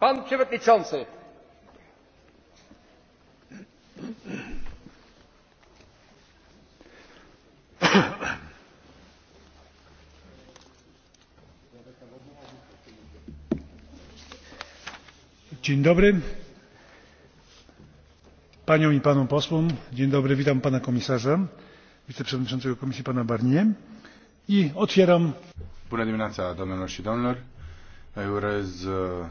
Pan Przewodniczący! Dzień dobry paniom i panom posłom. Dzień dobry, witam pana komisarza, wiceprzewodniczącego komisji pana Barnier i otwieram. Bună dimineața, domnilor și domnilor. Îi urez